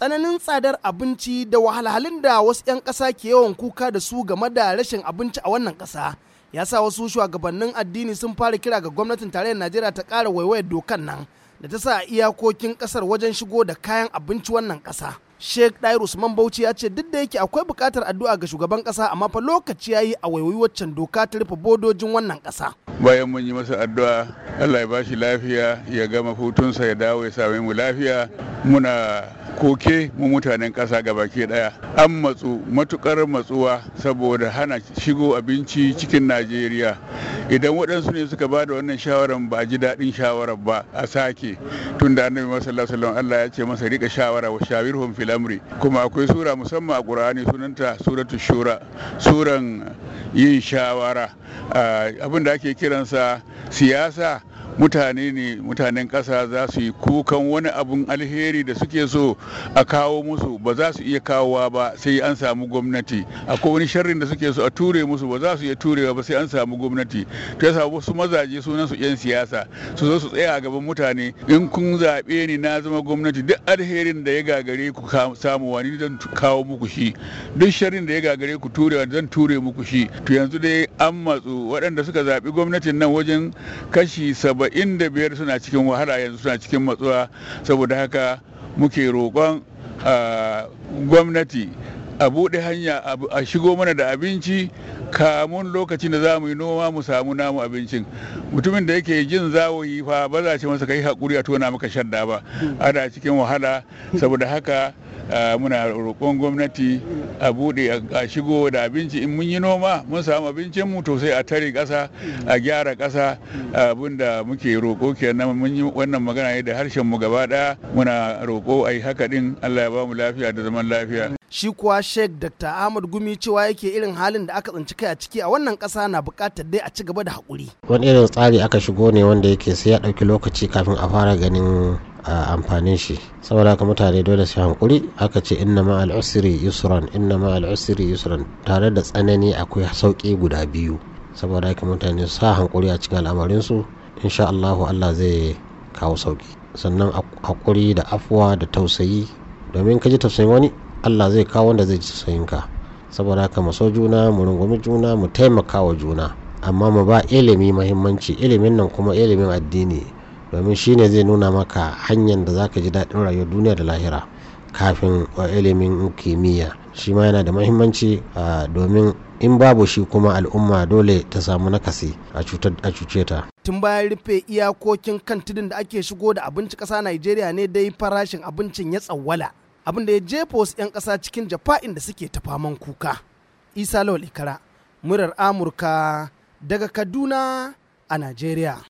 tsananin tsadar abinci da wahalhalun da wasu 'yan ƙasa ke yawan kuka da su game da rashin abinci a wannan ƙasa ya sa wasu shugabannin addini sun fara kira ga gwamnatin tarayyar najeriya ta ƙara waiwayar dokan nan da ta sa iyakokin ƙasar wajen shigo da kayan abinci wannan ƙasa Sheikh Dair Usman Bauchi ya ce duk da yake akwai buƙatar addu'a ga shugaban ƙasa amma fa lokaci yayi a waiwayi waccan doka ta rufe bodojin wannan ƙasa. Bayan mun yi masa addu'a Allah ya bashi lafiya ya gama hutunsa ya dawo ya same mu lafiya muna koke mu mutanen ƙasa gabaki ɗaya an matsu matukar matsuwa saboda hana shigo abinci cikin Najeriya idan waɗansu ne suka bada wannan shawaran ba a ji daɗin shawarar ba a sake tun da annabi sallallahu Allah ya ce masa rika shawara wa shawirhum fil amri kuma akwai sura musamman a Qur'ani sunanta suratu shura suran yin shawara ah, abin da ake kiransa siyasa mutane ne mutanen ƙasa za su yi kukan wani abun alheri da suke so a kawo musu ba za su iya kawowa ba sai an samu gwamnati akwai wani sharrin da suke so a ture musu ba za su iya turewa ba sai an samu gwamnati to yasa wasu mazaje sunan su yan siyasa su zo su tsaya a gaban mutane in kun zaɓe ni na zama gwamnati duk alherin da ya gagare ku samu wani zan kawo muku shi duk sharrin da ya gagare ku turewa zan ture muku shi to yanzu dai an matsu waɗanda suka zaɓi gwamnatin nan wajen kashi saba'in arba'in da biyar suna cikin wahala yanzu suna cikin matsuwa saboda haka muke roƙon ah, gwamnati a buɗe hanya a shigo mana da abinci kamun lokacin da za mu yi noma mu samu namu abincin mutumin da yake jin zawoyi fa ba za ce masa kai hakuri a tona maka shadda ba ana cikin wahala saboda haka muna roƙon gwamnati a buɗe a shigo da abinci in mun yi noma mun samu abincin mu to sai a tare ƙasa a gyara ƙasa abinda muke roƙo kenan mun yi wannan magana ne da harshen mu gaba ɗaya muna roƙo a haka ɗin Allah ya ba mu lafiya da zaman lafiya. Shi kuwa Sheikh Dr. Ahmad Gumi cewa yake irin halin da aka tsinci suka a ciki a wannan ƙasa na buƙatar dai a ci gaba da haƙuri. wani irin tsari aka shigo ne wanda yake sai ya ɗauki lokaci kafin a fara ganin amfanin shi saboda haka mutane dole su hankuri aka ce inna ma al'usri yusran inna ma al'usri yusran tare da tsanani akwai sauki guda biyu saboda haka mutane su sa hankuri a cikin al'amarinsu insha Allahu Allah zai kawo sauki sannan hakuri da afuwa da tausayi domin ka ji tausayin wani Allah zai kawo wanda zai ji tausayin ka saboda haka mu so juna mu rungumi juna mu taimaka wa juna amma mu ba ilimi mahimmanci ilimin nan kuma ilimin addini domin shine zai nuna maka hanyar da zaka ji daɗin rayuwar duniya da lahira kafin ilimin kimiyya shi ma yana da mahimmanci domin in babu shi kuma al'umma dole ta samu nakasi a cuce ta. Tun bayan rufe iyakokin kan tudun da ake shigo da abinci ƙasa Najeriya ne dai farashin abincin ya tsawwala. abin da ya jefa wasu 'yan ƙasa cikin jafa'in da suke ta faman kuka isa lawal ikara murar amurka daga kaduna a najeriya